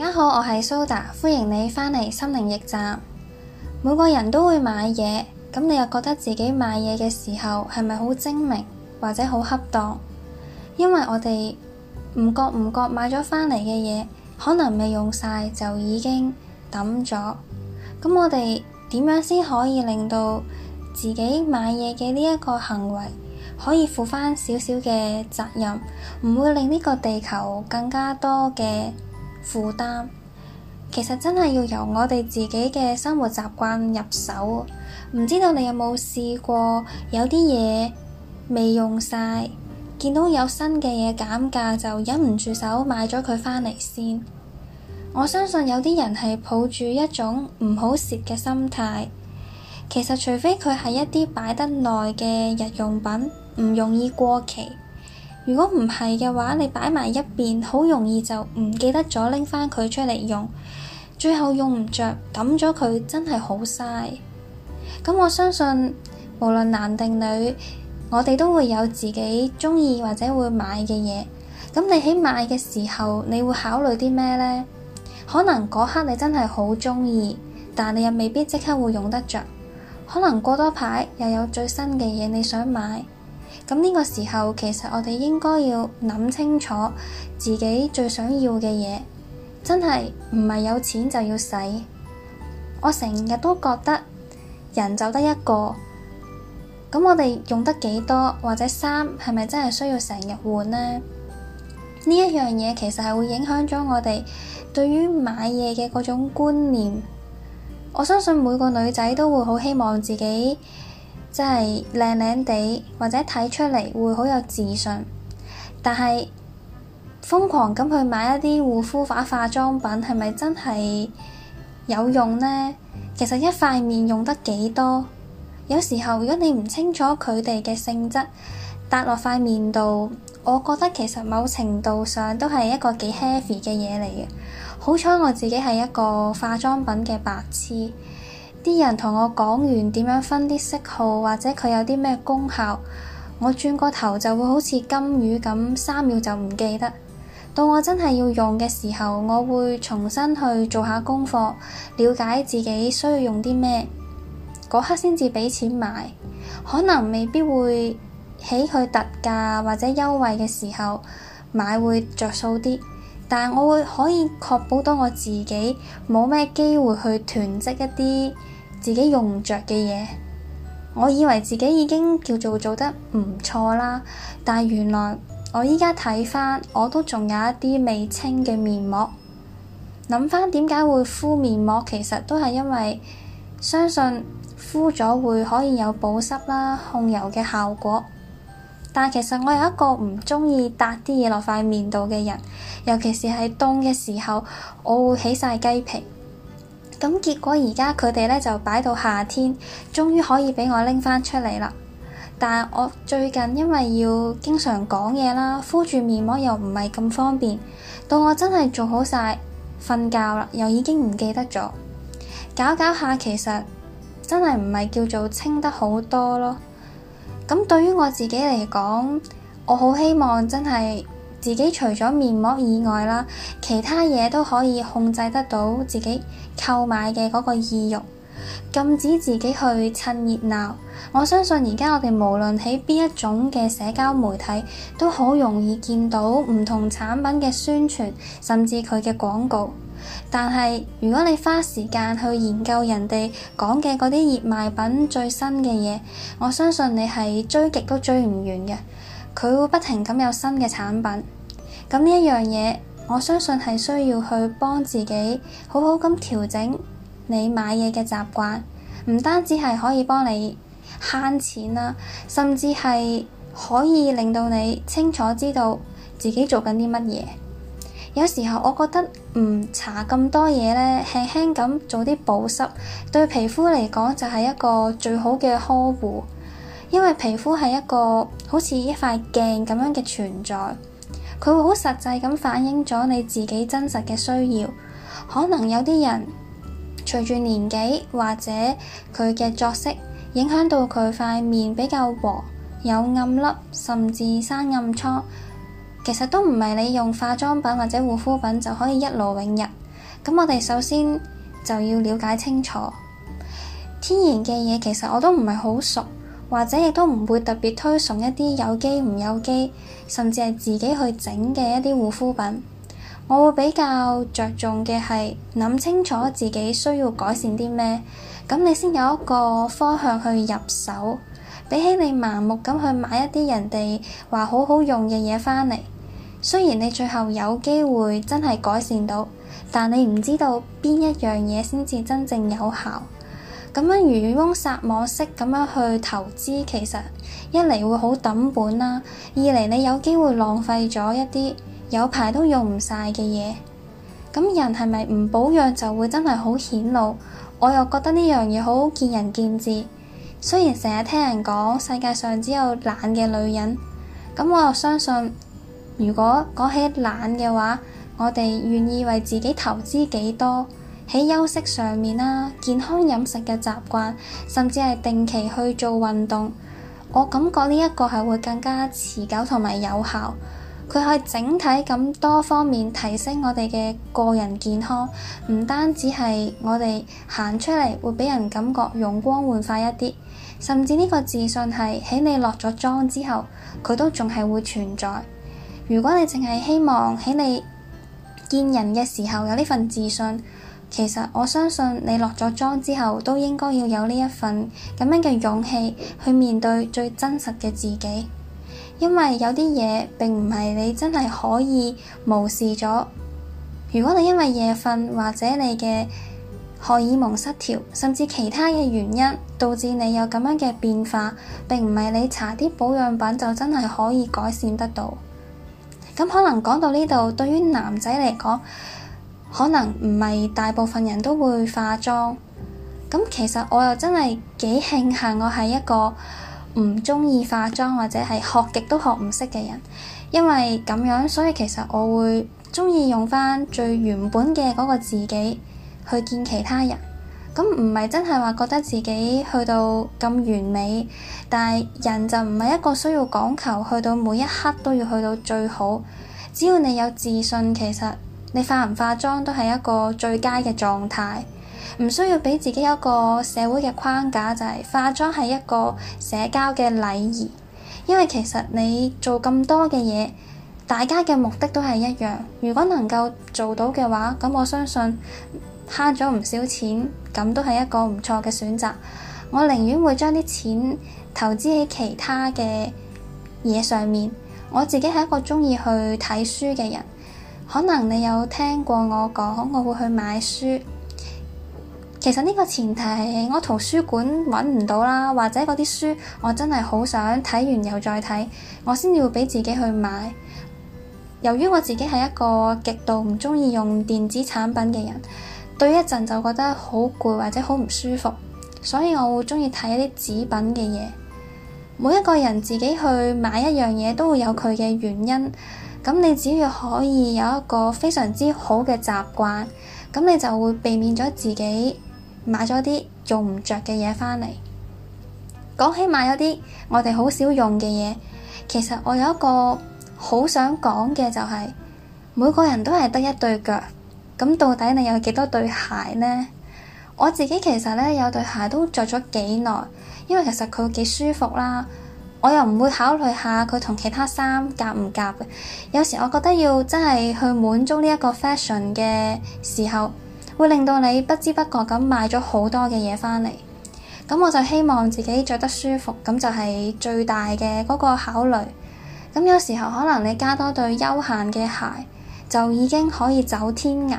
大家好，我係蘇達，歡迎你返嚟心靈驛站。每個人都會買嘢，咁你又覺得自己買嘢嘅時候係咪好精明或者好恰當？因為我哋唔覺唔覺買咗返嚟嘅嘢，可能未用晒就已經抌咗。咁我哋點樣先可以令到自己買嘢嘅呢一個行為可以負翻少少嘅責任，唔會令呢個地球更加多嘅負擔，其實真係要由我哋自己嘅生活習慣入手。唔知道你有冇試過，有啲嘢未用晒，見到有新嘅嘢減價就忍唔住手買咗佢返嚟先。我相信有啲人係抱住一種唔好蝕嘅心態，其實除非佢係一啲擺得耐嘅日用品，唔容易過期。如果唔係嘅話，你擺埋一邊，好容易就唔記得咗拎翻佢出嚟用，最後用唔着，抌咗佢，真係好嘥。咁我相信，無論男定女，我哋都會有自己中意或者會買嘅嘢。咁你喺買嘅時候，你會考慮啲咩呢？可能嗰刻你真係好中意，但你又未必即刻會用得着。可能過多排又有最新嘅嘢你想買。咁呢個時候，其實我哋應該要諗清楚自己最想要嘅嘢，真係唔係有錢就要使。我成日都覺得人就得一個，咁我哋用得幾多，或者衫係咪真係需要成日換呢？呢一樣嘢其實係會影響咗我哋對於買嘢嘅嗰種觀念。我相信每個女仔都會好希望自己，即係靚靚地，或者睇出嚟會好有自信，但係瘋狂咁去買一啲護膚化化妝品，係咪真係有用呢？其實一塊面用得幾多？有時候如果你唔清楚佢哋嘅性質，搭落塊面度，我覺得其實某程度上都係一個幾 heavy 嘅嘢嚟嘅。好彩我自己係一個化妝品嘅白痴。啲人同我講完點樣分啲色號，或者佢有啲咩功效，我轉個頭就會好似金魚咁三秒就唔記得。到我真係要用嘅時候，我會重新去做下功課，了解自己需要用啲咩，嗰刻先至畀錢買。可能未必會起佢特價或者優惠嘅時候買會着數啲。但係我會可以確保到我自己冇咩機會去囤積一啲自己用唔着嘅嘢。我以為自己已經叫做做得唔錯啦，但係原來我而家睇翻我都仲有一啲未清嘅面膜。諗翻點解會敷面膜，其實都係因為相信敷咗會可以有保濕啦、控油嘅效果。但其實我有一個唔中意搭啲嘢落塊面度嘅人，尤其是喺凍嘅時候，我會起晒雞皮。咁結果而家佢哋咧就擺到夏天，終於可以畀我拎翻出嚟啦。但係我最近因為要經常講嘢啦，敷住面膜又唔係咁方便，到我真係做好晒瞓覺啦，又已經唔記得咗。搞搞下其實真係唔係叫做清得好多咯。咁對於我自己嚟講，我好希望真係自己除咗面膜以外啦，其他嘢都可以控制得到自己購買嘅嗰個意欲，禁止自己去趁熱鬧。我相信而家我哋無論喺邊一種嘅社交媒體，都好容易見到唔同產品嘅宣傳，甚至佢嘅廣告。但係，如果你花時間去研究人哋講嘅嗰啲熱賣品最新嘅嘢，我相信你係追極都追唔完嘅。佢會不停咁有新嘅產品。咁呢一樣嘢，我相信係需要去幫自己好好咁調整你買嘢嘅習慣，唔單止係可以幫你慳錢啦，甚至係可以令到你清楚知道自己做緊啲乜嘢。有時候我覺得唔搽咁多嘢呢，輕輕咁做啲保濕，對皮膚嚟講就係一個最好嘅呵護，因為皮膚係一個好似一塊鏡咁樣嘅存在，佢會好實際咁反映咗你自己真實嘅需要。可能有啲人隨住年紀或者佢嘅作息影響到佢塊面比較黃，有暗粒，甚至生暗瘡。其實都唔係你用化妝品或者護膚品就可以一勞永逸。咁我哋首先就要了解清楚，天然嘅嘢其實我都唔係好熟，或者亦都唔會特別推崇一啲有機唔有機，甚至係自己去整嘅一啲護膚品。我會比較着重嘅係諗清楚自己需要改善啲咩，咁你先有一個方向去入手。比起你盲目咁去買一啲人哋話好好用嘅嘢返嚟，雖然你最後有機會真係改善到，但你唔知道邊一樣嘢先至真正有效。咁樣漁翁撒網式咁樣去投資，其實一嚟會好揼本啦，二嚟你有機會浪費咗一啲有排都用唔晒嘅嘢。咁人係咪唔保養就會真係好顯老？我又覺得呢樣嘢好，好見仁見智。雖然成日聽人講世界上只有懶嘅女人，咁我又相信，如果講起懶嘅話，我哋願意為自己投資幾多喺休息上面啦、健康飲食嘅習慣，甚至係定期去做運動，我感覺呢一個係會更加持久同埋有效。佢係整體咁多方面提升我哋嘅個人健康，唔單止係我哋行出嚟會畀人感覺容光煥發一啲。甚至呢個自信係喺你落咗妝之後，佢都仲係會存在。如果你淨係希望喺你見人嘅時候有呢份自信，其實我相信你落咗妝之後都應該要有呢一份咁樣嘅勇氣去面對最真實嘅自己，因為有啲嘢並唔係你真係可以無視咗。如果你因為夜瞓或者你嘅荷爾蒙失調，甚至其他嘅原因，導致你有咁樣嘅變化，並唔係你搽啲保養品就真係可以改善得到。咁可能講到呢度，對於男仔嚟講，可能唔係大部分人都會化妝。咁其實我又真係幾慶幸，我係一個唔鍾意化妝或者係學極都學唔識嘅人，因為咁樣，所以其實我會鍾意用翻最原本嘅嗰個自己。去見其他人咁唔係真係話覺得自己去到咁完美，但係人就唔係一個需要講求去到每一刻都要去到最好。只要你有自信，其實你化唔化妝都係一個最佳嘅狀態，唔需要俾自己一個社會嘅框架，就係化妝係一個社交嘅禮儀。因為其實你做咁多嘅嘢，大家嘅目的都係一樣。如果能夠做到嘅話，咁我相信。慳咗唔少錢，咁都係一個唔錯嘅選擇。我寧願會將啲錢投資喺其他嘅嘢上面。我自己係一個中意去睇書嘅人，可能你有聽過我講，我會去買書。其實呢個前提係我圖書館揾唔到啦，或者嗰啲書我真係好想睇完又再睇，我先要俾自己去買。由於我自己係一個極度唔中意用電子產品嘅人。對一陣就覺得好攰或者好唔舒服，所以我會鍾意睇一啲紙品嘅嘢。每一個人自己去買一樣嘢都會有佢嘅原因。咁你只要可以有一個非常之好嘅習慣，咁你就會避免咗自己買咗啲用唔着嘅嘢返嚟。講起買咗啲我哋好少用嘅嘢，其實我有一個好想講嘅就係、是，每個人都係得一對腳。咁到底你有幾多對鞋呢？我自己其實呢，有對鞋都着咗幾耐，因為其實佢幾舒服啦。我又唔會考慮下佢同其他衫夾唔夾嘅。有時我覺得要真係去滿足呢一個 fashion 嘅時候，會令到你不知不覺咁買咗好多嘅嘢翻嚟。咁我就希望自己着得舒服，咁就係最大嘅嗰個考慮。咁有時候可能你加多對休閒嘅鞋，就已經可以走天涯，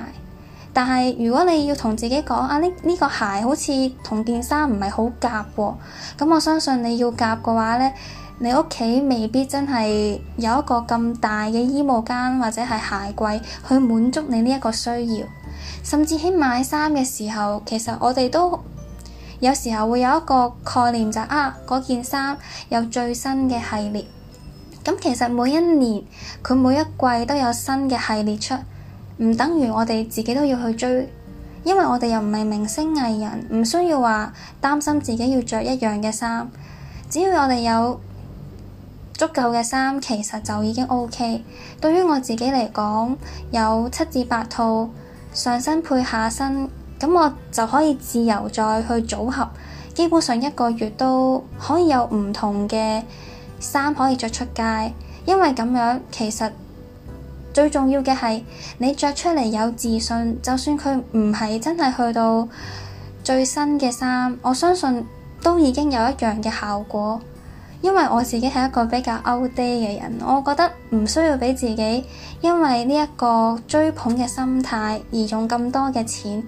但係如果你要同自己講啊，呢，呢個鞋好似同件衫唔係好夾喎，咁我相信你要夾嘅話呢，你屋企未必真係有一個咁大嘅衣帽間或者係鞋櫃去滿足你呢一個需要。甚至喺買衫嘅時候，其實我哋都有時候會有一個概念就，啊，嗰件衫有最新嘅系列。咁其實每一年佢每一季都有新嘅系列出，唔等於我哋自己都要去追，因為我哋又唔係明星藝人，唔需要話擔心自己要着一樣嘅衫。只要我哋有足夠嘅衫，其實就已經 OK。對於我自己嚟講，有七至八套上身配下身，咁我就可以自由再去組合。基本上一個月都可以有唔同嘅衫可以着出街，因為咁樣其實最重要嘅係你着出嚟，有自信，就算佢唔係真係去到最新嘅衫，我相信都已經有一樣嘅效果。因為我自己係一個比較 out 啲嘅人，我覺得唔需要俾自己因為呢一個追捧嘅心態而用咁多嘅錢。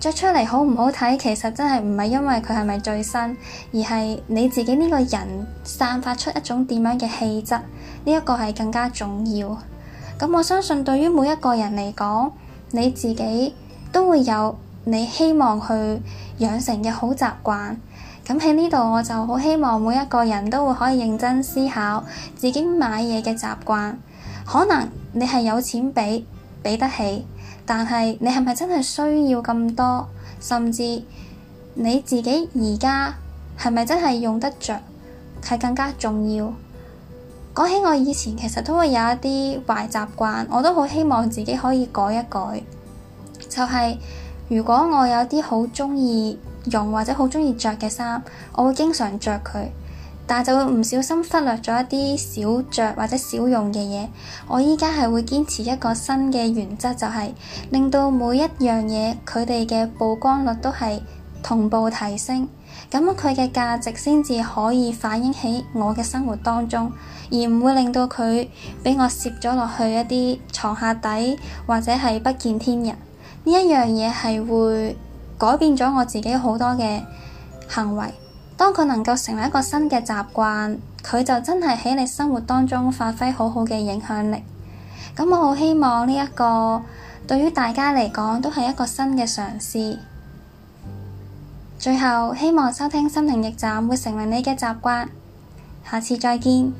着出嚟好唔好睇，其實真係唔係因為佢係咪最新，而係你自己呢個人散發出一種點樣嘅氣質，呢一個係更加重要。咁我相信對於每一個人嚟講，你自己都會有你希望去養成嘅好習慣。咁喺呢度我就好希望每一個人都會可以認真思考自己買嘢嘅習慣。可能你係有錢畀，畀得起。但係你係咪真係需要咁多？甚至你自己而家係咪真係用得着？係更加重要。講起我以前，其實都會有一啲壞習慣，我都好希望自己可以改一改。就係、是、如果我有啲好鍾意用或者好鍾意着嘅衫，我會經常着佢。但係就會唔小心忽略咗一啲少着或者少用嘅嘢。我而家係會堅持一個新嘅原則，就係、是、令到每一樣嘢佢哋嘅曝光率都係同步提升，咁佢嘅價值先至可以反映喺我嘅生活當中，而唔會令到佢畀我攝咗落去一啲床下底或者係不見天日。呢一樣嘢係會改變咗我自己好多嘅行為。當佢能夠成為一個新嘅習慣，佢就真係喺你生活當中發揮好好嘅影響力。咁我好希望呢、這、一個對於大家嚟講都係一個新嘅嘗試。最後，希望收聽心靈驛站會成為你嘅習慣。下次再見。